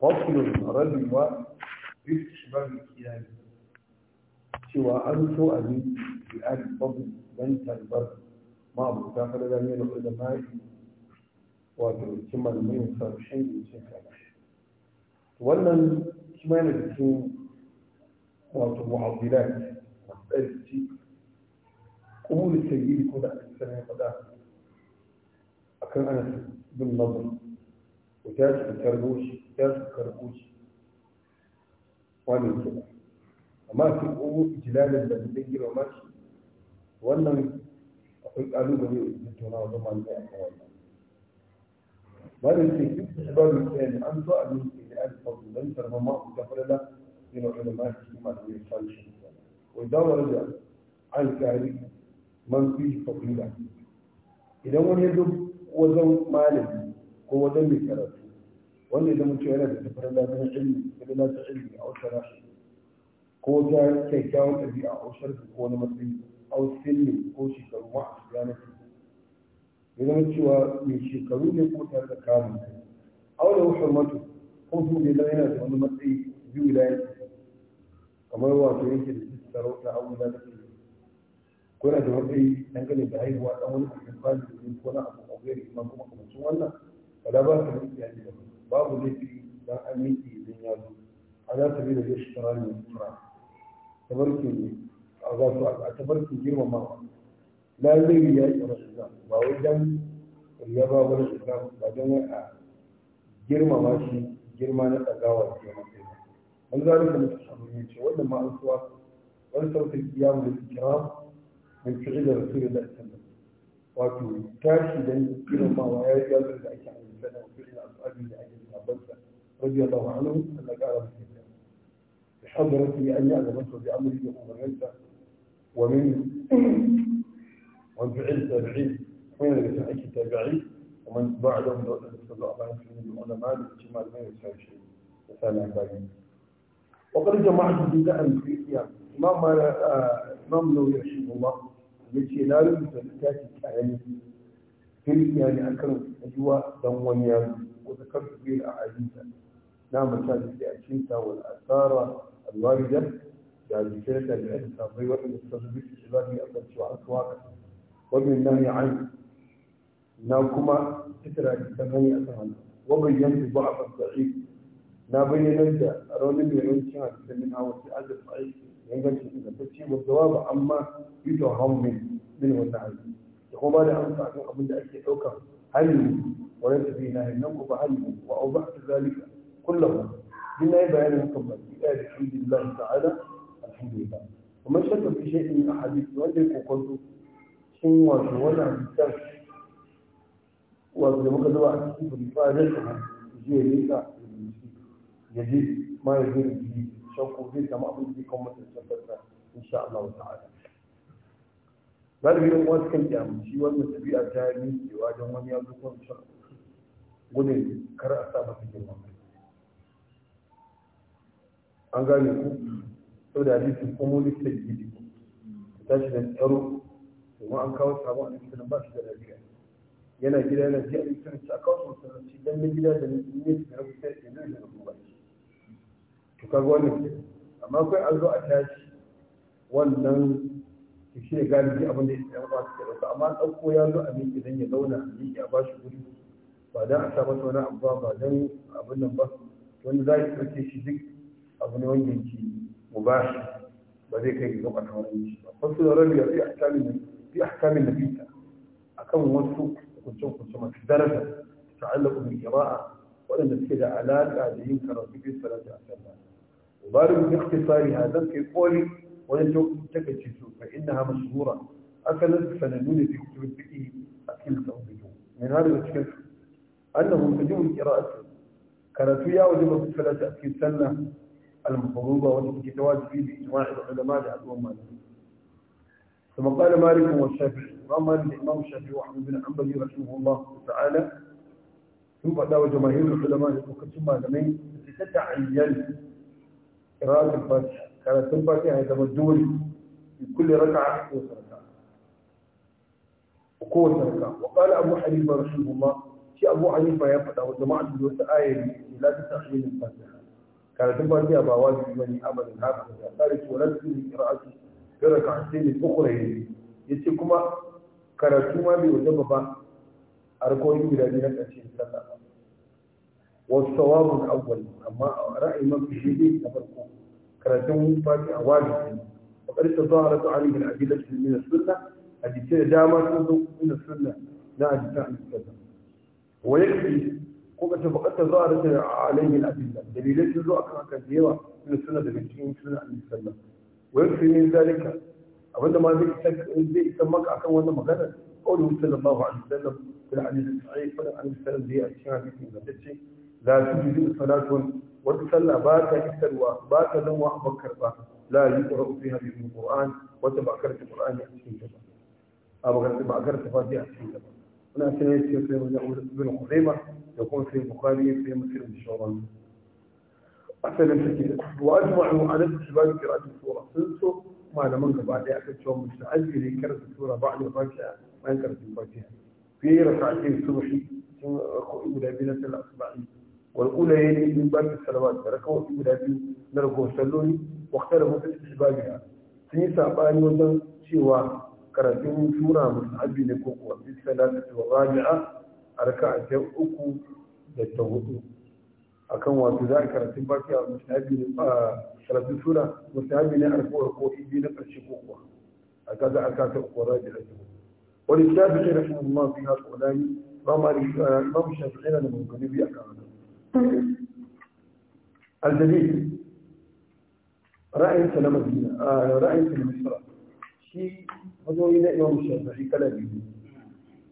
قتل رجل وبيت شباب الكيان سوى أنف أبي الآن فضل بنت البر ما أبو تاخر إذا من العلماء وأدري كما لم يصار شيء من ولا كما نبتين وأدري معضلات أبتي قول السيد كل سنة قد أكن أنا بالنظر وتاج بالكربوش don su karɓo shi wannan kira amma su ƙogo ijilalin da zai girma ma shi wannan akwai ƙalubale da tona wa zama ne a kan wannan ba da ke duk da babu tsayin an zo a yin ke da an faɗi don sarfa ma ku ta fara yana wani ma shi ma da ya sami shi wai dawar da an ƙari man fi faɗi idan wani ya zo wajen malami ko wajen mai karatu wannan idan mutum yana da tafarar da na ilmi da na ta ilmi a wasu rashi ko ta kyakkyawan ɗabi'a a wasu rashi ko wani matsayi a wasu ne ko shekaru ma a shiga na ya zama cewa mai shekaru ne ko ta da kamun a wani wucin mato ko su ne zama yana da wani matsayi biyu da ce kamar wato yake da cikin sarauta a wani take ko yana da matsayi dangane da haihuwa ɗan wani abin kwali da ko na abu a wuyar kuma kuma kamar sun wannan ba da ba su da iyaye da ba babu laifi dan aminci idan ya zo ala sabila da shikarar ne fura tabarkin a wato a tabarkin girmamawa lallai ya yi rasu ba wai dan ya ba wani islam ba don a girmama shi girma na tsagawa da girma sai ba an zari ka mutu samun yin ce wannan ma'ansuwa wani sautin kiyamu da kira min fi'il da rasul da sallam wato tashi dan girmamawa ya yi yazar da ake amince da wasu da al'adu da ake قبلته رضي الله عنه أنك أعلم الكتاب بحضرتي أن يعلمته بأمري وأمريته ومن ومن فعل تابعين من الذي التابعين ومن بعدهم دولة صلى الله عليه وسلم من العلماء الاجتماع ما يساوي شيء مثلا باقي آه، وقد جمعت بداء في قيام إمام إمام لو رحمه الله يجي لا يمكن أن تأتي في يعني أكرم أجواء دم دموية وذكرت به الأحاديث نعم كانت الأشنطة والآثار الواردة يعني كانت الأنسة ضيوة المستضبط الإلهي أفضل شوعة واقع ومن النهي عنه ناكما تترى الثمانية أثنان وبيّن ببعض الضعيف نابين نجا أرون بيرون شيئا تسمينها وفي عدد ضعيف ينجل إذا تشيب الضواب عما يتوهم من وتعالى يقول ماذا أنصح من أبو أوكا هل ويكفي نهنكم عنه وأوضحت ذلك كله بما يبين لكم بآل الحمد لله تعالى الحمد لله وما شك في شيء من أحاديث وأنتم قلت شنو وأنا بالترك وأنا مقدر واحد في الفاجة يجي ليك يجي ما يجي به شوفوا ذي كما أقول لكم إن شاء الله تعالى galibi yan wasu kan kyamu shi wannan tabi'a ta yi miƙewa don wani ne kar a sa masa girma an gane ku sau da hadisi kuma muni ta gidi ku ta shi da tsaro kuma an kawo sabon a nan ba shi da lafiya yana gida yana ji a cikin a kawo sun shi don na gida da ne su rabu sai ya zai da rabu ba shi to kaga wannan ke amma an zo a tashi wannan shi ne galibi abin da ya tsaye ba su ke ɗauka amma an ɗauko ya zo a miƙe don ya zauna a miƙe a ba shi gudu ba don a sa masa wani abu ba don abin nan ba wani za ki ɗauke shi duk abu ne wanda yake mubashi ba zai kai ga gabata wani shi ba wasu da rabi fi ahkamin fi ahkamin nafisa akan wasu hukuncin hukunce masu daraja ta'allaqu bil qira'a waɗanda suke da alaƙa da yin karatu bi salati as-salam ubaru bi ikhtisari hadha fi qawli wani takaice su fa innaha mashhura akalan sanadun fi kutub al-fiqh akil tawbihu min hada cikin أنه تجب القراءة كانت فيها وجب الصلاة في السنة المفروضة والتي تواجد فيه بإجماع العلماء لأدوان مالك ثم قال مالك والشافعي وأما الإمام الشافعي وأحمد بن حنبل رحمه الله تعالى ثم بعد جماهير العلماء وكتب مالمين تتعين قراءة الفاتحة كانت الفاتحة يتمدون في كل ركعة وقوة ركعة وقال أبو حنيفة رحمه الله shi abu hanifa ya faɗa wa jama'a da wasu ayari la ta ta'ayyana fatiha karatun fatiha ba wajibi bane abadan haka da tsari ko to lan su qira'atu fi rak'atayn ukhra yace kuma karatu ma bai wajaba ba arkoyi rakoyi guda biyu na ƙarshen sallah wa wasu sawabun awwal amma ra'ayi ma fi shi da farko karatun fatiha wajibi wa ne وقد تظاهرت عليه الأدلة من السنة أدلة دامة من السنة لا أدلة عن sunnah ويكفي قوة فقد ظهرت عليه الأدلة دليلات الرؤى كثيرة من السنة دليلتين من سنة النبي صلى الله عليه وسلم ويكفي من ذلك أبدا ما ذي يسمك أكم وانا مغانا قوله صلى الله عليه وسلم في الحديث الصحيح الله عليه وسلم ذي أشياء في مدتي لا تجد صلاة وتصلى باتا إسروا باتا نوع بكر باتا لا يقرأ فيها بالقرآن كرة القرآن يأتي جبا أبغى كرة فاتحة يأتي جبا هنا أثناء في ابن خزيمة يقول في البخاري في مسلم الشورى شاء الله أحسن الحكي وأجمع عن استحباب قراءة السورة سلسو ما لم بعد أحد شو مستعد في كرة السورة بعد الفاتحة ما ينكر في الفاتحة في ركعتين الصبحي إلى بنة الأصبعي والأولى يلي يعني من باب الصلوات ركعوا أولى بنا نركوا سلوني واختلفوا في استحبابها سنسى أباني وزن شيوا karatun tura musahabi ne ko kuwa fi salatati wa rabi'a a raka'a ta uku da ta hudu akan wato za a karatun baki a musahabi ne a karatun tura abi ne a raka'ar ko ibi na karshe ko kuwa a kaza a kasa uku rabi'a ta hudu wani shafi shi rashin Allah fi haka wadani ba ma shafi yana da mangani biya kan الدليل رأي سلام الدين رأي سلام الشرع شيء هذول إلى يوم الشهر في كلامي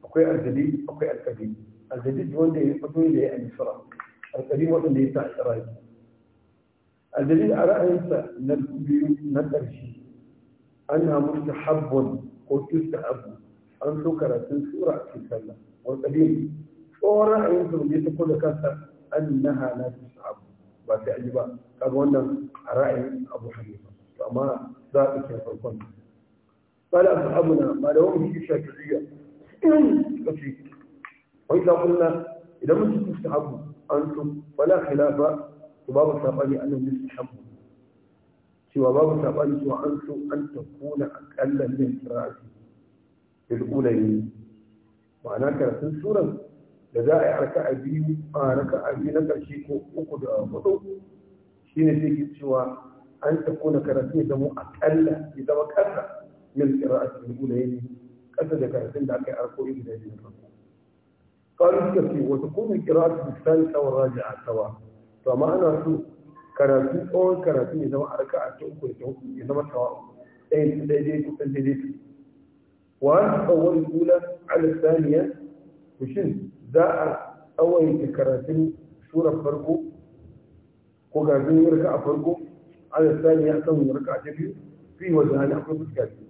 أقوي الجديد أقوي القديم الجديد هو اللي هذول إلى أن يصير القديم هو اللي يطلع رأي الجديد على أنسى نبي نبي شيء أنها مستحب وتستحب أن تكره تنسورة في كلام والقديم فورا ينظر بيت كل كثر أنها لا تستحب بس يعجبها كان قلنا رأي أبو حنيفة فما ذلك يا فرقون فلا أصحابنا ما لهم في الشافعية كثير وإذا قلنا إذا لم تستحبوا أنتم فلا خلاف وباب الثقاني أنهم يستحبوا سوى باب الثقاني سوى أنتم أن تكون أقل من قراءتي الأولى يعني. معناه كرسل سورة لذا ركع به آه، ركع به بيو نكرشيك وقد أفضل شين سيكي سوى أن تكون كرسيه دمو أقل إذا ما كرسل من قراءته الأولين أسد كرسين دعك أركو إبدا من الركوع قالوا الكفي وتكون القراءة الثالثة والراجعة سواء فما أنا أرسو كراتين أول كرسين إذا ما أركع أتوقع إذا ما سواء أي تدريد تدريد وأن أول الأولى على الثانية وشن ذا أول كرسين سورة فرقو وكرسين يركع فرقو على الثانية أحسن يركع تبيو في وجهان أقرب الكافي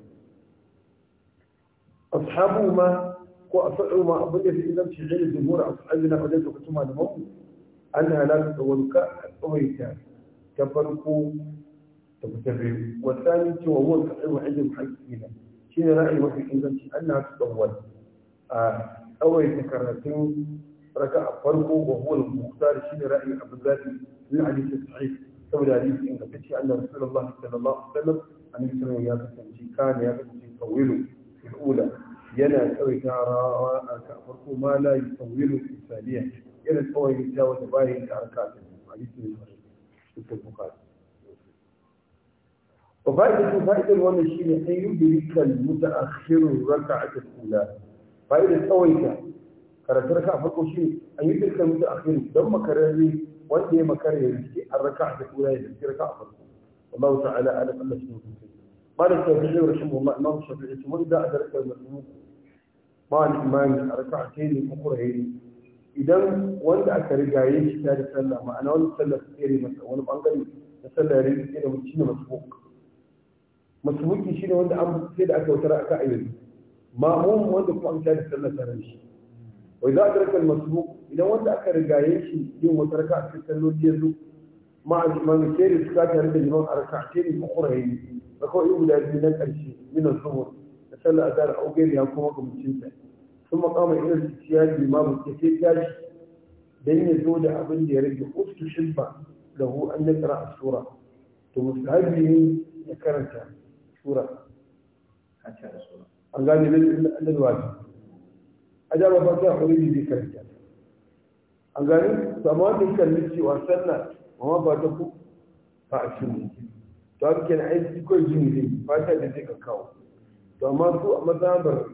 أصحابه ما وأفعوا ما أبدأ في إذن في غير الدمور أصحابنا فدأت وقتما نموت أنها لا تتولك أميتا كفركو تبتفي والثاني وهو الكحيم عند المحيطين كين رأي وفي إذن في أنها تتول آه، أول تكرتين ركع فركو وهو المختار كين رأي عبد الله من عليك الصحيح تولى عليك إن قفتش أن رسول الله صلى الله عليه وسلم أن يسمى ياكس كان ياكس يطوله الأولى ينا سوي كارا كافر ما لا يطول الإنسانية ينا سوي يتاوى تباهي كاركات عليك من المرض سوى المقاعد وفائدة فائدة ونشين أن يدرك المتأخر الركعة الأولى فائدة سوي كارا كارا كافر أن يدرك المتأخر دم كاراني وانتي مكاري الركعة الأولى يدرك ركعة الله تعالى أن فلسنا في قال الشافعي رحمه الله الإمام الشافعي وإذا أدرك المذموم مع الإمام ركعتين أخرين idan wanda aka riga yin shi da sallah ma'ana wani sallah tsere masa bangare na sallah ya rage tsere masa shine masbuk masbuki shine wanda sai da aka wutar aka ayyana ma'mum wanda kuma an da sallah tare wai za a tarkar masbuk idan wanda aka riga shi yin wata raka a cikin salloli yanzu ma a imam kere su ka tare da liman a a kere ko kurayen rakawai guda biyu na ƙarshe minan zuwa da sallar azhar a ugari ya kuma kamcin ta sun makama irin su ciya mu ke sai tashi dan ya zo da abin da ya rage ustu da hu an ya a sura to musahabi ne ya karanta sura an gane da a ajaba ba ta ne zai karanta an gane sama da ci cewa sannan amma ba ta ku ba a cikin to haka kenan ai kawai jini zai fata da zai kawo to amma su a mazhabar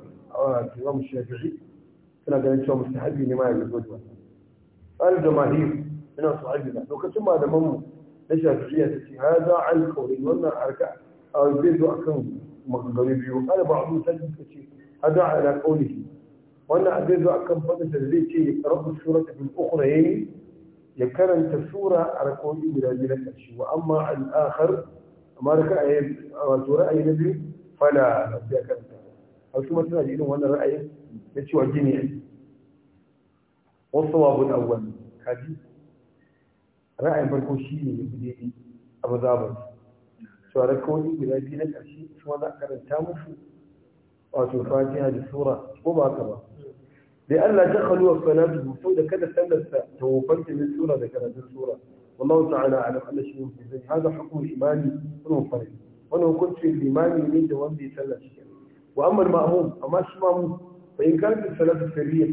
imam shafi'i suna ganin cewa mustahabi ne ma ya zo da wannan al jamahir ina su ajira lokacin malaman mu na shafi'iyya ta ce hada al qawli wannan arka a zai zo akan maganganu biyu al ba'du ta ce hada ala qawlihi wannan zai zo akan fadin da zai ce ya karabu surata bil ukhra yayi ya karanta sura a rakoyi guda biyu na ƙarshe wa amma al akhar amma da ka ayi wato ra'ayi na biyu fala da kanta a kuma tana da irin wannan ra'ayin na cewa gini ne wasu wabun awwal kaji ra'ayin farko shi ne ya fi daidai a mazabar cewa rakawai guda biyu na ƙarshe kuma za a karanta musu wato fatiha da sura ko ba ka ba da Allah ta wa salatu sau da kada sallarsa ta wofanta min sura da karatun sura والله تعالى أعلم أن شيء في ذلك هذا حكم الإيماني المنفرد وأنا كنت في الإمام يميت وأنبي سلة وأما المأموم أما اسمه فإن كانت الثلاثة سرية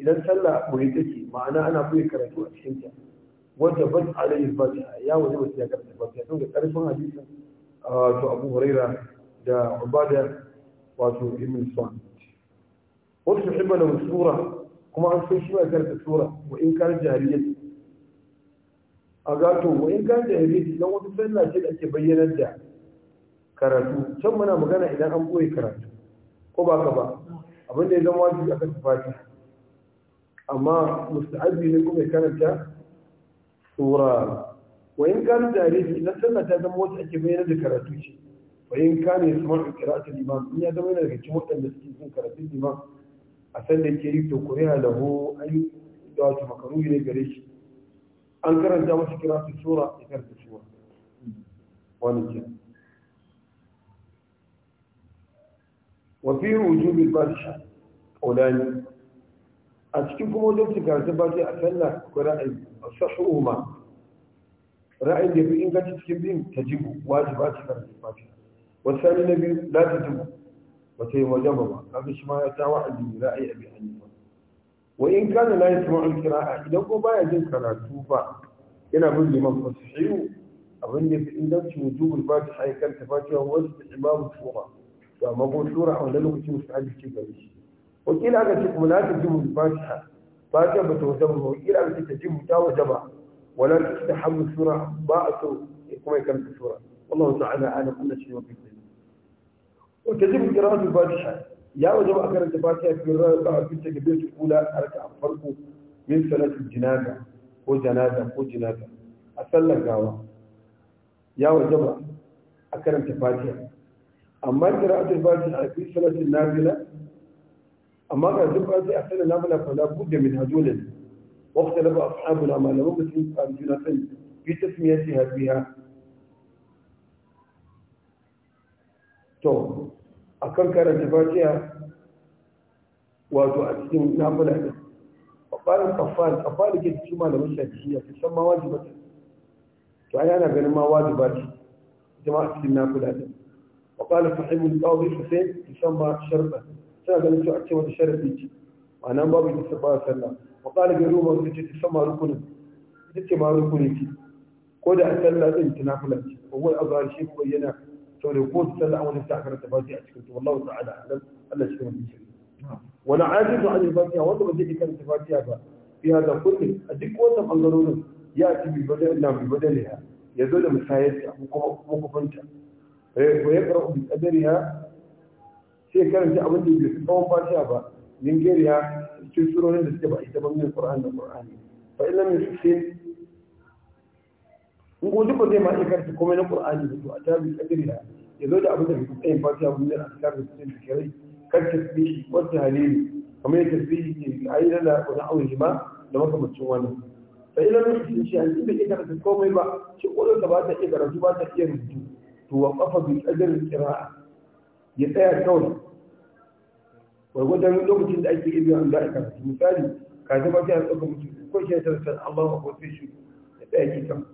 إذا سلى مريتك معناه أنا أقول كرتو أشكنت وجبت عليه الفاتحة يا وجبت يا كرت الفاتحة ثم تعرفون حديثا آه، أبو هريرة دا عبادة واتو ابن الصامت وتحب له السورة كما أنت شو أكلت السورة وإن كانت جاهلية a gato wa in kan da hadisi dan wata sallah ce da ake bayyanar da karatu can muna magana idan an boye karatu ko ba ka ba abin da ya zama wajibi akan tafati amma musta'abi ne kuma ya karanta sura wa in kan da hadisi na sallah ta zama wata ake bayyanar da karatu ce wa in ka ne samu qira'atul liman in ya zama yana daga cikin waɗanda suke yin karatun liman a sallar ke yi to kuriya lahu an da wato makaruhi ne gare shi أنكر أن جاوش كرا في سورة يكر في سورة ونجا وفي وجوب البرشة أولاني أتكلم وجوب سكرا تباكي أسألنا كرائي صحوهما رائي يبي إن قد تتكلم تجيب واجبات كرا في سورة والثاني نبي لا تجيب وتيم وجمبا هذا شما يتاوحد من رائي أبي حنيفة وإن كان لا يسمع القراءة إذا هو بايا جن كان أتوفى إن أبن لمن فتحيه أبن في إن وجوب الفاتحة كان تفاتحه هو استعمام الصورة فما هو الشورى أو لأنه كنت مستعد في كل شيء وكل هذا تقوم لا تجم الفاتحة فاتحة بتوزمه وكل هذا تجيب تاوجبا ولا تستحم الشورى باعته يقوم يكمل الشورى والله تعالى أعلم أن الشيء وكيف وتجيب قراءة الفاتحة ya waje ba a karanta fatiha cikin rarraba fi takbir kula a raka'a farko min salatul jinaza ko janaza ko jinaza a sallar gawa ya waje ba a karanta fatiha amma qira'atul fatiha fi salatul nafila amma ga duk fatiha a sallar nafila fa la budda min hajulin واختلف أصحاب العمل ومثل الجنة في تسميتها فيها تو a kan karanta fatiha wato a cikin namuna ne a bayan kafar kafar ke ci malamin shafiya ta san ma wajiba ta to ai ana ganin ma wajiba ce jama'a a cikin namuna ne a bayan sahih bin fa sai ta san ma sharba sai ganin to a ce wata sharafi ce nan babu ta sabar sallah wa qala bi ruba ta ce ta ma rukunin ta ce ma rukunin ce ko da sallah din tunafulan ce ko wai azhar shi ko yana تقول السلة أو نفتح الفاتحة كنت والله تعالى أعلم ألا في بشيء وأنا عاجز عن الفاتحة ما زلت كانت الفاتحة في هذا كله أديك وأنت أنظرون يأتي ببدل نعم ببدلها يدل من موقف أنت ويقرأ بقدرها شيء كانت abin da bai fi tsawon fatiha ba min gariya cikin surorin da suke ba ita ba in ko duk zai ma iya karanta komai na qur'ani da to a tabi kadiri ya zo da abin da ke tsayin fatiha mun da azkar da cikin zikirai kar tasbihi wata tahlili kamar yadda tasbihi ke ayyana da wani aure shi ma da makamancin wannan fa ila cikin shi an da iya karanta komai ba shi ko da ba ta iya karatu ba ta iya rubutu to wa qafa bi qadri qira'a ya tsaya kawai gwargwadon lokacin da ake iya an za'a karatu misali ka zama sai a tsaka mutum ko shi ya tarasar Allah ko sai shi ya tsaya kitan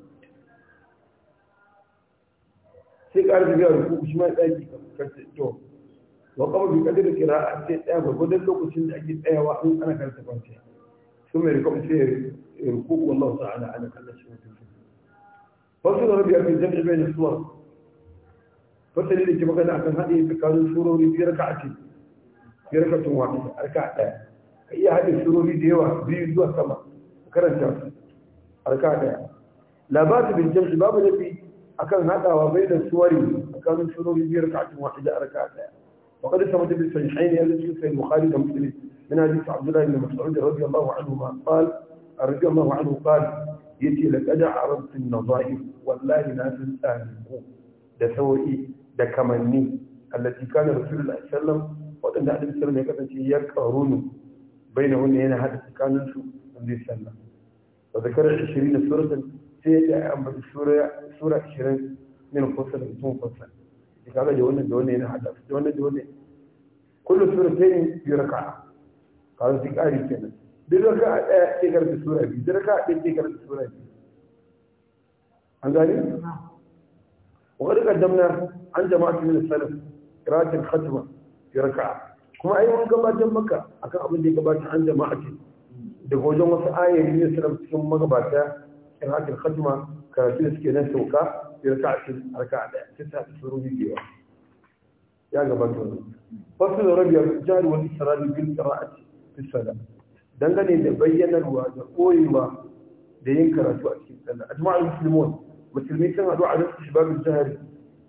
sai ƙara tafiya ruku shi ma tsaki karta to wa kama bi kadar kira a ce tsaya gwargwadon lokacin da ake tsayawa an ana karta kwanciya sun mai rikon sai ruku wallahu ta'ala ala kallon shi mutum fasu da rabi a fi jami'a bai da suwar fasali da ke magana akan haɗe tsakanin surori biyar ka a ce biyar ka tun wata arka ɗaya ka iya haɗe surori da yawa biyu zuwa sama karanta su arka ɗaya labarin bin jami'a babu da أكان هذا bai da suwari akan surori ركعة واحدة wahida وقد ثبت في الصحيحين الذي في البخاري ومسلم من حديث عبد الله بن مسعود رضي الله عنهما قال رضي الله عنه قال يتي لقد عرضت النظائر والله ناس الآنكو ده سوئي ده كمني التي كان رسول الله صلى الله عليه وسلم وأن النبي صلى الله عليه وسلم بينهن هنا هذا كان نسو النبي صلى الله عليه وسلم وذكر 20 سورة sai ya ambaci sura ashirin min kusa da mutum kusa ya kaga da wannan da wannan yana hada da wannan da wannan kullum sura ta yi biyu raka kaga sai ƙari kenan duk raka a ɗaya sai karfi sura biyu duk raka a ɗaya sai karfi sura biyu an gani وقد قدمنا عن جماعة من السلف قراءة الختمة في ركعة kuma ai mun gabatar maka akan abin da ya gabata an jama'ati daga wajen wasu ayoyi ne suna cikin magabata كان اخر خدمه كانت تسكي نفسه وكا يركع ركع تسعه فروج الجيوع يا قبل تقول بس الربيع الرجال والاسرار بالقراءة في الصلاة دنگني اذا بين الواجب قوي ما دين قراءته اكيد لان اجماع المسلمون مسلمين كان ادعوا على شباب الزهر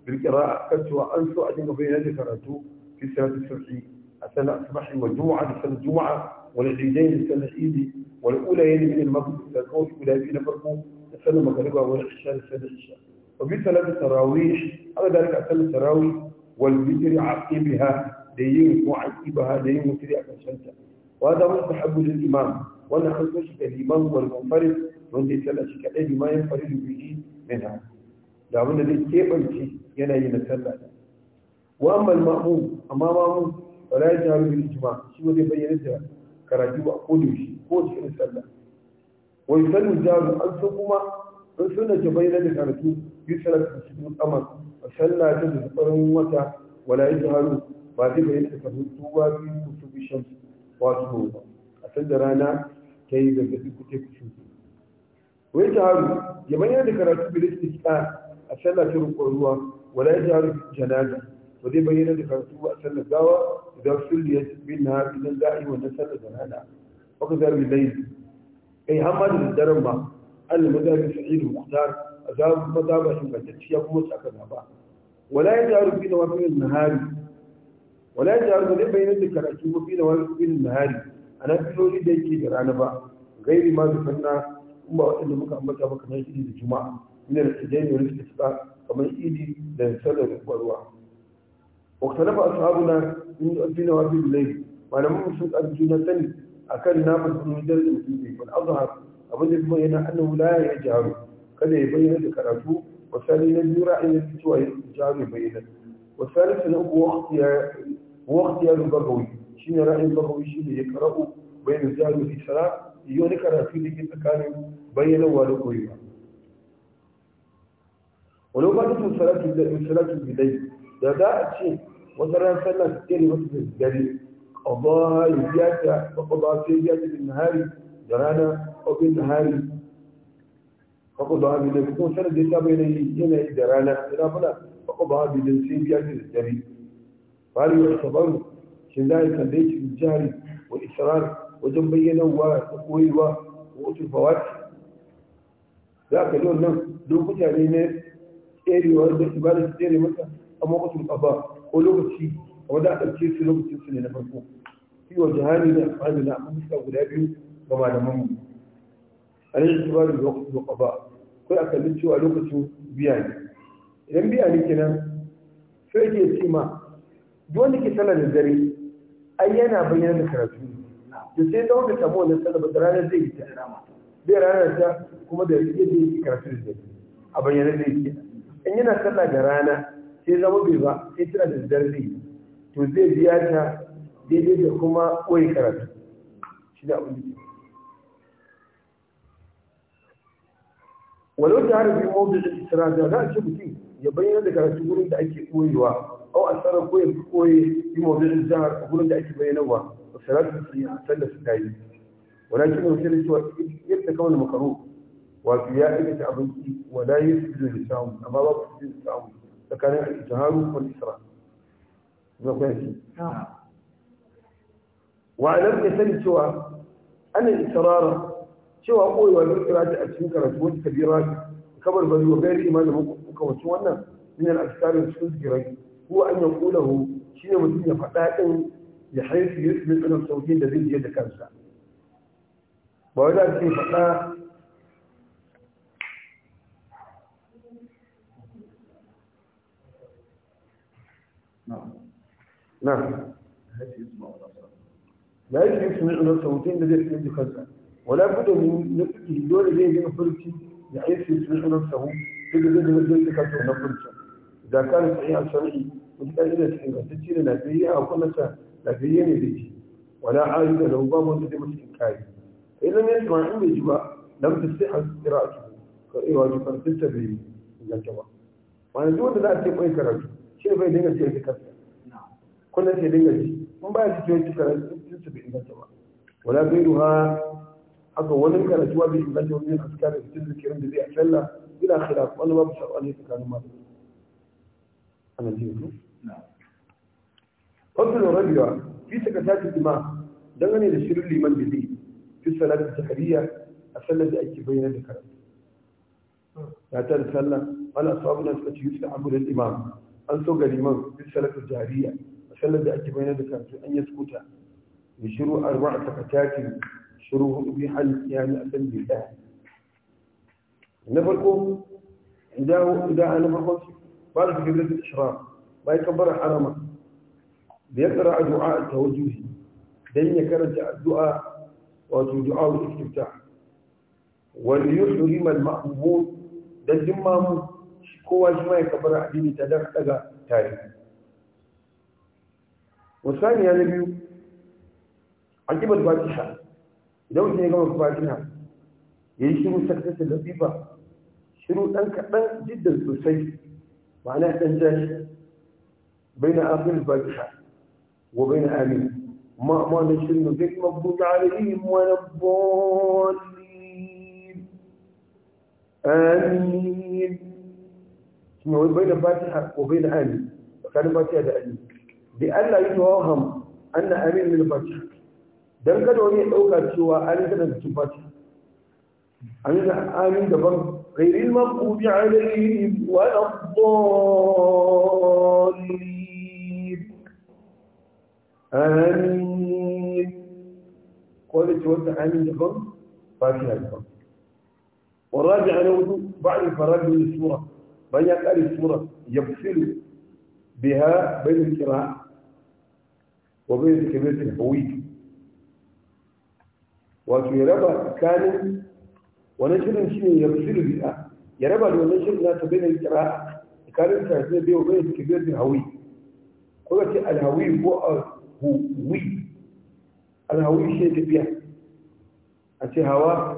بالقراءة قلتوا انسوا اجنبين ذكرته في صلاة الصبح اثناء صباح الجمعة لسنة الجمعة والعيدين سنة عيدي والأولى يعني من المغرب إلى كون أولى فينا فرقه سنة مغربها والعشاء سنة عشاء وفي ثلاث تراويح على ذلك اسلم تراويح والفجر عقيبها دين وعقيبها دين وفجر أكشنتها وهذا مستحب للإمام وأنا خلصش الامام والمنفرد من وأن يسأل شكالي ما ينفرد به منها دعونا ذي كيف أنت ينهي ينسلع وأما المأموم أما مأموم فلا يجعل بالإجماع شو ذي بيّنتها karatu ba ko da shi ko shi irin sallah wai sanu jaru an san kuma in suna ta bayyana da karatu bi salatu da cikin kamar a sallah ta da tsaron wata wala yi haru ba zai bayyana da karatu tuwa biyu ku su shan wato ba a san da rana ta yi gargaɗi ku ta kusur wai ta haru ya bayyana da karatu bi da su a sallah ta rukun ruwa wala yi haru janaza ba zai bayyana da karatu a sallah gawa بأن سليت منها من الداعي والنساء زنانا وكذلك الليل أي أما للدرمة أن المذهب سعيد المختار أذاب مذهب إنجلتية موسى كذابا ولا يجعل في نوافل النهار ولا يجعل من بين الذكر في نوافل النهار أنا في لولي ديكي جرانا با غير ما ذكرنا kuma waɗanda muka ambata ba kamar idi da juma'a ina da tijani wani suka suka kamar idi da sallar ruwa واختلف أصحابنا من في نوافل الليل ولم يسوق أرجلة أكل نافذ من مجال والأظهر أبدا يبين أنه لا يجهر كذا يبين ذكرته والثاني الذي يرى أن الفتوى يجهر يبين والثالث هو اختيار البغوي شين رأي البغوي شين يقرأ بين الجهر في الصلاة يوني كراتو لكي تكان بين والقوي ولو بعد صلاة الليل da za a ce wata ran sallah su kere masu da dare ya biya ta ƙaba sai biya ta bin hari da rana ƙobin hari ƙaba ha bilin kuma sanar da ya saba yanayi yanayi da rana da rafuna ƙaba ha bilin sai biya ta da dare fari wa sabaru a cikin wa israr wajen za ka yi wannan lokuta ne na tserewar da ibadar tsere maka a ko lokaci wanda a ɗauke su lokacin su ne na farko fi wa jihari da alfahari na a guda biyu ga malaman mu a rashin tuba da lokacin da ba kai a kalli cewa lokacin biya ne idan biya ne kenan sai ke ce ma duk wanda ke sallar da dare ai yana bayyana da karatu da sai zama da bawa wannan sallar da ranar zai yi ta zai ranar ta kuma da yake zai yi karatu da dare a bayyana zai yi in yana sallah da rana sai zama bai ba sai tana da zarri to zai biya ta daidai da kuma ɓoye karatu shi da abin walau da harafin mawuzi da isra da za a ce mutum ya bayyana da karatu wurin da ake ɓoyewa au a tsara ko ya fi yi mawuzi da jihar a wurin da ake wa a salatu su yi a sallar su tayi walakin da wasu da cewa yadda kawai da makaru wato ya aikata abinci ya yi su da samu amma ba su su samu فكان الإجهال والإسراء نعم. وعلى أن يسلم سوى أن الإسرار سوى أقول والإقرات أتمنك رجوة كبيرات كبر بل وغير إيمان مكوك وسوانا من الأفكار المستذكرين هو أن يقوله شين مدينة فتاة يحيث من أن السعودين الذين يدكان سعر وهذا كيف فتاة نعم لا يجب أن يسمع صوتين الذي عنده خزع ولا بد من نفسه دون الذي يجب فرقه بحيث يسمع نفسه في الذي يجب أن نفسه إذا كان صحيحا شرعي وكان إذا سئل تسير نافية أو كنسة نافية نبيه ولا عائد له باب الذي مسكاي فإن لم يسمع عنده جواء لم تصح قراءته فإيه واجب أن تستبعد إلى الجواب وأنا دون لا أتيب أي كرجل شيء بين هنا شيء كل شيء دينه من بعد شيء تكره تنسى بإمتى ما ولا غيرها أقوى ولا يمكن أن تواجه إمتى ومن أذكار تنسى كريم بذي أفلا إلى خلاف ولا ما بشر أن يتكلم ما أنا دينه نعم قلت رجل في سكتات الدماء دعني لشير لي من بذي في الصلاة السحرية أفلا بأي بين ذكر لا تنسى أنا صابنا سكت يسكت عبد الإمام أنسو قريما في الصلاة الجارية sallar da ake bayyana da kafin an yi sukuta ya shiru arba'a takatakin shiru hudu bi hal ya ni a sallar da na farko idan idan na farko ba da fikir da ishram bai kabbara harama da ya tsara addu'a ta wajuhi dan ya karanta addu'a wato du'a istiftah wal yuhrim al ma'mum dan jin mamu kowa shi ma ya kabbara addini ta daga tare والثانية نبي عجب الفاتحة لو جينا كما الفاتحة يشيروا يعني سكتة اللطيفة شيروا أنك أن جدا سوسي معناه أنجاش بين آخر الفاتحة وبين آمين ما ما نشر غير مغضوب عليهم ولا الضالين آمين شنو بين الفاتحة وبين آمين فكان الفاتحة ده آمين بألا يتوهم أن من فتح دم كدوني أوكا سوى أن كدن تفتح أمين آمين دبر غير المفقود عليهم ولا الضالين آمين قولت وانت آمين دبر فاتحة دبر والراجع نوده بعد الفراغ من السورة بين قال السورة يبصر بها بين القراءة وبين كبيرة الهوية وفي ربع كان ونشر شيء يبصر بها يربع ونشر لا بين القراءة كان تعزيه بيه وبين كبيرة الهوية قلت الهوية هو هوي الهوية شيء تبيع أتي هوا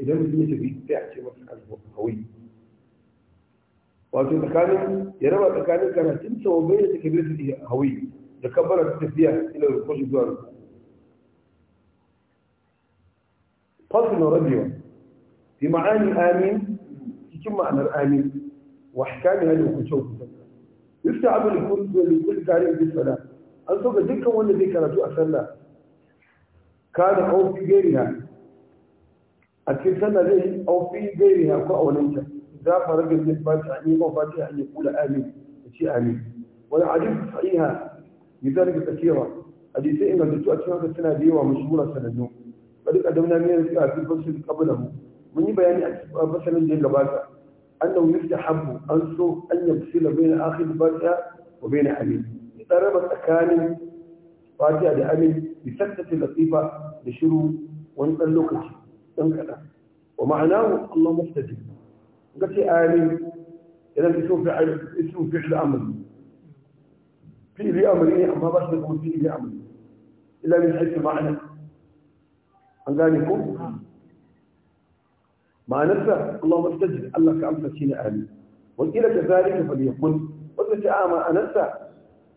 إذا مثل تبيع تأتي مثل الهوية wato tsakanin ya raba tsakanin karatun sa wa bayyana ta kabirin hawi da kabbalar الى ila rukushi zuwa rukushi فصل ربيع في معاني آمين كم معنى آمين واحكام هذه لكتوب يستعب لكل لكل تاريخ بالصلاة أن تبقى ذكا ولا ذكا لا أصلى كان أو في غيرها أكيد سنة ذي أو في غيرها أو ليس إذا فرق النسبة عن يوم فاتح أن يقول آمين شيء آمين ولا والحديث صحيح لذلك تكيرا الذي سئم قلت أتمنى السنة دي ومشهورة سنة قد قدمنا من الرسالة في الفصل قبله من يبيان يعني مثلا جل باتا أنه يستحب أنسو أن يبسل بين آخر الفاتحة وبين أمين يقرب الأكان فاتحة لأمين بسكتة لطيفة لشروع ونطلقه تنكتا ومعناه الله مفتدي قلت آمين إذا اسم فعل اسم فعل أمر في أمر إيه أما بس نقول في أمر إلا من حيث معنى عن ذلك معنى اللهم استجب الله كأمسكين أهلي وإلى كذلك فليكن وتتي آما أنسى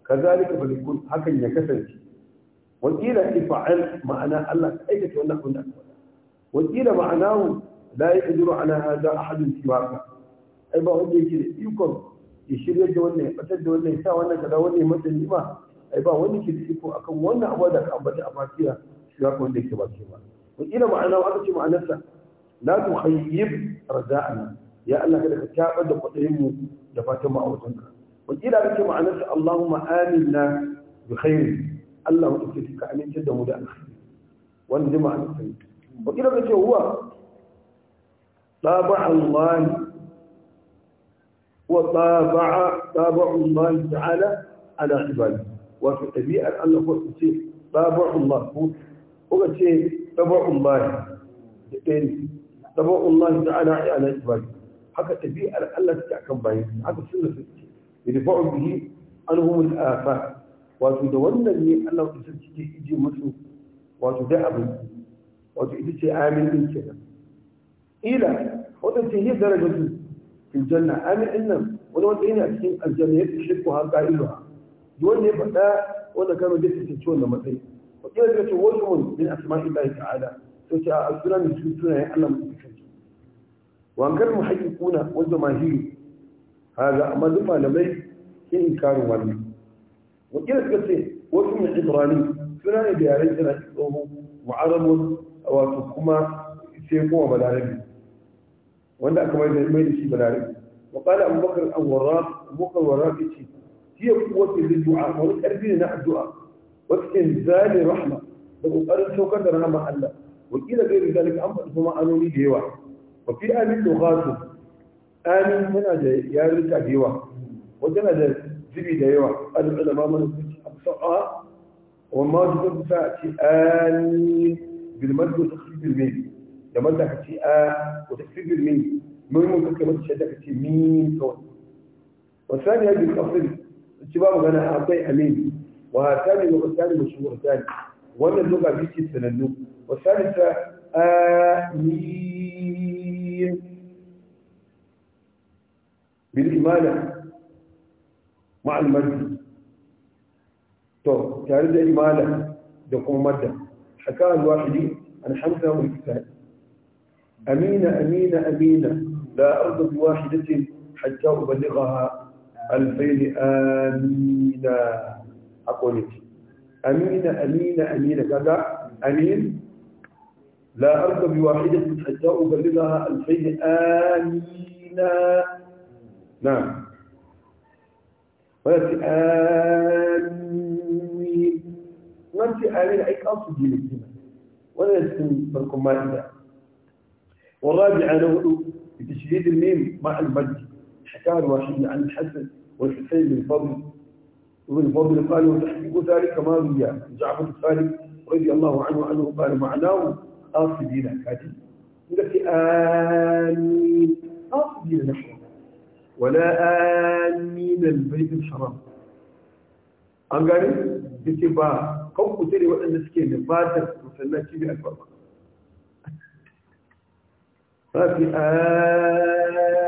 كذلك فليكن هكا يكسنك وإلى إفعل معنى الله أي تتولى من أكبر وإلى معناه لا يقدر على هذا أحد سواك أي ما هم يكيد يكون ya shirya da wannan ya fatar da wannan ya sa wannan kaza wannan ya mata ni'ima ai ba wani ke da iko akan wannan abu da aka ambata a fatiha shi ga wanda yake ba shi ba kun ila ma'ana wa aka ce ma'anarsa la tukhayyib raja'ana ya Allah kada ka tabar da kwadayin mu da fatan mu a wajenka kun ila aka ce ma'anarsa Allahumma aminna bi khairi Allah mu take ka amince da mu da alkhairi wannan ma'anarsa kun ila aka ce huwa taba'a Allah وطابع طابع الله تعالى على عباده وفي الطبيعة أن نقول تصير طابع الله هو شيء تابع الله يعني طابع الله تعالى على عباده حتى طبيعة الله تتعكم به حكى سنة يدفع به أنهم الآفات وتدولنا لي الله تسجد يجي مسلم وتدعب وتدعب آمن من كذا إلى وتنتهي درجة في الجنة أنا إنم وأنا إني هنا الجنة يكشفها قائلها دون يبقى وأنا كان جدت تنشون لما تريد وإلى ذلك وجه من أسماء الله تعالى فتاة أسلام يسكتون يعلم وأن كان المحققون والجماهير هذا أما دم لمن في إنكار والي وإلى ذلك وجه من عبراني سنان بياريتنا وعرب وتقوم سيقوم بالعربي wanda aka mai da shi balare wa qala abu bakr al-warraq bukar warraq shi hiya quwwatu lid-du'a wa karfi na addu'a wa inzali rahma da kokarin saukar da rahama Allah wa kila gairu dalika an fadi kuma anoni da yawa wa fi amin lughatu amin tana da yarurruka da yawa wa tana da zibi da yawa al-ulama man absa'a amin bil ساعتي آمين بالمد وتخفيف الميل da man da ka ce a wata sigir min mun mun kake mata shadda ka ce min kawai wa sani hajjin kafin ci ba magana akwai amin wa sani wa sani mashhur sani wannan duka bi ce sanannu wa sani ta amin bil imana مع المد تو تعرض إمالة دقوم مدة حكاه الواحد عن حمزة والكتاب أمين أمين أمين لا أرض بواحدة حتى أبلغها ألفين آمين أقول أمين أمين أمين كذا أمين لا أرض بواحدة حتى أبلغها ألفين آمين نعم ولكن آمين وأنت آمين أي أصل جيلك ولا يسمى فرق ما إذا والراجع له بتشديد الميم مع المد حكاه الواحد عن الحسن والحسين بن فضل وابن فضل قال وتحقيق ذلك ما روي جعفر الثالث رضي الله عنه أنه قال معناه آصدين كاتب لك آمين آصدين نحو ولا آمين البيت الحرام an gani da ke ba kan kusa da waɗanda suke da fatar masallaci da alfarma ففي آمين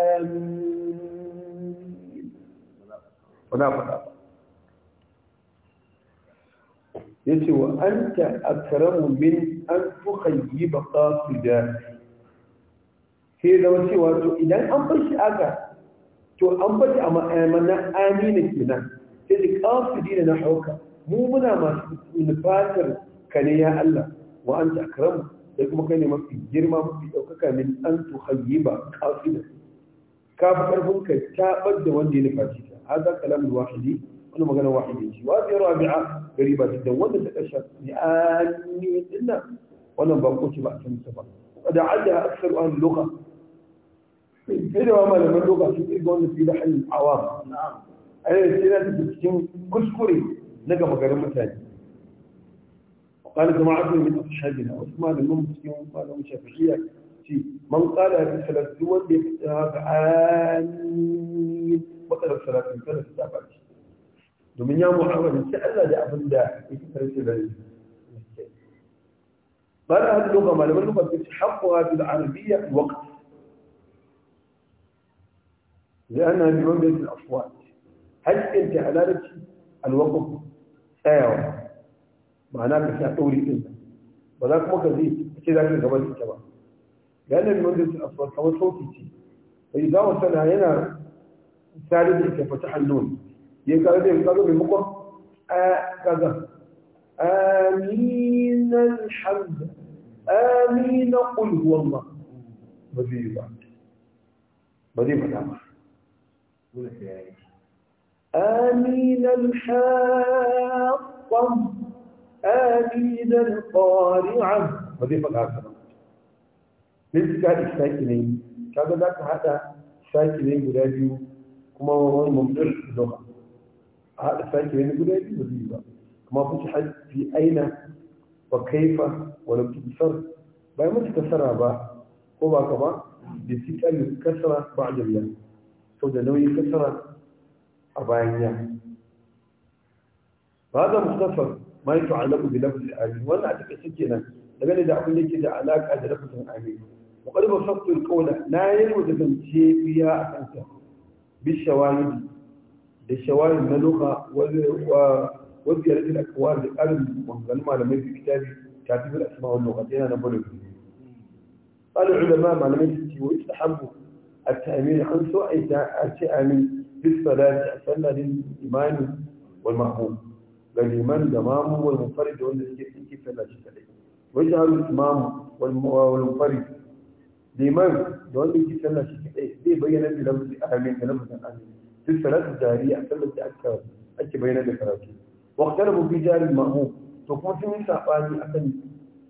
أنت أكرم من أن تخيب قاصدا هي لو سوى إذا أنبش أكا تو أنبش أما آمنا آمين كنا هذه قاصدين نحوك مو منا ما من فاتر كان يا الله وأنت أكرمه da kuma kai ne mafi girma mafi ɗaukaka min an tu hayyiba kafida ka fi karfin ka tabar da wanda ya nufa ta hada kalam wahidi wani magana wahidi ce wa zai rabi'a gari ba ta wanda ta kasha ni anni dinna wannan ba ko ce ba san ta ba da adda aksar an lugha sai da malaman lugha sun yi ga wannan fi da halin awam na'am ai sai da cikin kuskure na gaba garin mutane قال جماعة من أصحابنا عثمان الممسكين شافعيه الشافعية من قال في ثلاث دول بتابعانين وقال الثلاثين ثلاث تابعات domin ya mu'amala sai Allah da abin da yake karshe da shi bana hadu lugha malaman lugha ta ce لأنها من الأصوات هل أنت على الوقت ايوه ma'ana ka sha ɗauri ɗin ba za kuma ka zai ce za ka gaba da ita ba ya nan wanda su asfar kamar sauti ce bai za mu sana yana tare da ita fata hannun ya kaga da ya kaga mai mukon a kaza amin alhamdu amin qul huwallah ba zai yi ba ba zai faɗa ba آمين الحاقة آمين القارعة وضيف الآخرة ليس كان الساكنين كان ذاك هذا ساكنين مراديو كما هو ممتر اللغة هذا ساكنين مراديو وضيفة كما قلت حد في أين وكيف ولو تكسر بأي ما تكسر هذا هو كما يسيك أن يكسر بعد اليوم فهو نوي كسر أربعين يوم هذا مختصر ma yi ta'alaku bi lafzin amin wannan a take suke nan dangane da abin da yake da alaka da lafzin amin wa qad basattu al-qawla la yaru da zance biya a kansa bi shawahid da shawahid na lugha wa wa ziyarati al-aqwal da qarin wanzan malamai fi kitabi katib al-asma wal lughat yana nan bulu قال العلماء معلمين التي ويستحبوا التأمين عن سوء التأمين بالصلاة أسلنا للإمام والمأموم بالإمام دمامه والمنفرد هو الذي يكفي في الأجهزة عليه ويجعل الإمام والمنفرد الإمام هو الذي يكفي في الأجهزة عليه دي بيّن أبي لمزي أهمين كلمزي أهمين في الثلاث الدارية أحسن لك أكثر أنت بيّن أبي فراكي واختربوا في جار المأموم تقوم في من سعباني أحسن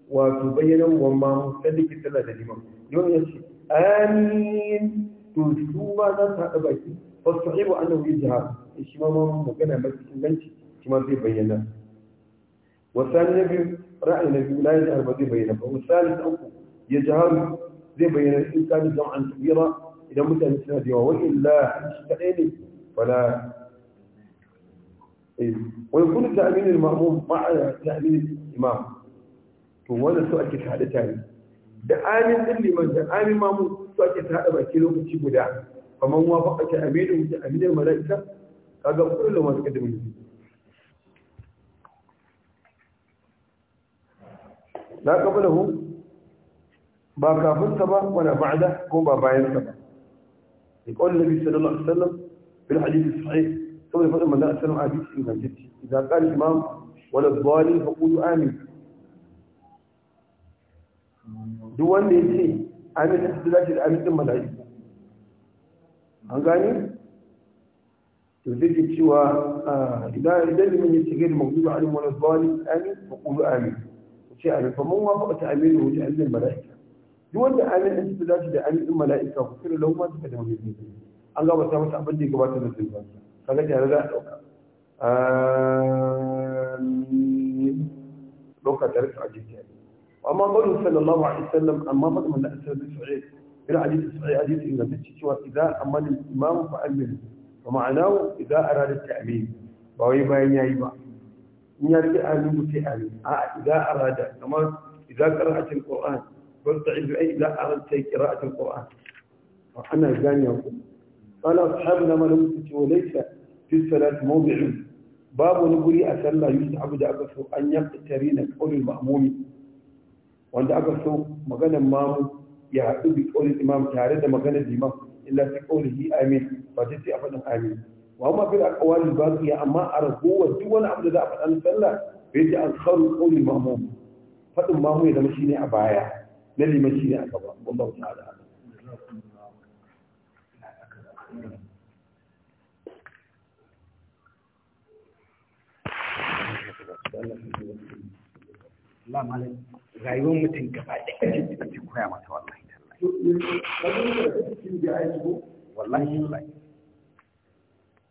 وتبين ومامو كذي في الثلاثة الإمام يوم يشي آمين تنسوا ماذا تعبكي فاستحيبوا أنه يجهر الشمامو مكانا مكانا مكانا كما في بينا وثانيا في رأينا في ولاية أربع بينا والثالث أنه يجهر ذي بينا إن كان جمعا كبيرا إلى مدى الإنسان ديوه وإلا يستعيني فلا إيه. ويكون التأمين المأموم مع تأمين الإمام وهذا سؤال كيف هذا تاني بآمن اللي من آمن مأموم سؤال كيف هذا بأكله كيف فمن وافق تأمينه وتأمين الملائكة هذا كله ما تقدم من لا qablahu ba kafin sa ba wala ba'da ko ba bayan يقول النبي صلى الله عليه وسلم في الحديث الصحيح ثم يقول من لا أسلم حديث في مسجدي إذا قال الإمام ولا الضالي فقولوا آمين دون يتي آمين تسلاك الآمين ثم لا يتي أنقاني تبدأ تشوى إذا إذا من يتغير مغضوب عليهم ولا الضالي آمين فقولوا آمين شعر يعني، ما بقى تأمينه جعل الملائكة دون أمين أنت بدأت أمين الملائكة غفر لو ما تقدم من ذنبه الله وتعالى أبدي قبات وقت الذنب فلا جعل ذلك آمين لو كترت عجيب يعني. وأما قوله صلى الله عليه وسلم أما قدم من الأسر بسعيد إلى حديث سعيد حديث إن بيت شوى إذا أمان الإمام فأمنه ومعناه إذا أراد التأمين وهي ما يبقى يرجع المتعن آه، إذا أراد كما إذا قرأت القرآن فاستعذ بأي لا أردت قراءة القرآن وأنا أقول قال أصحابنا ما لم وليس في الصلاة موضع باب نقولي أسلا يستحب دا أقصو أن يقترين قول المأموم وأن أقصو مغانا مامو يعقوب بقول الإمام تعرض مغانا الإمام إلا في قوله آمين فتسي أفضل آمين wa ma fil aqwali baqiya amma a ragowar duk wani abu da za a faɗa na sallah bai ji an kharu qawli ma'mum fadin mamu ya zama shine a baya na liman shine a gaba wallahu ta'ala Allah rayuwar mutum gaba ɗaya koya mata wallahi tallahi wallahi tallahi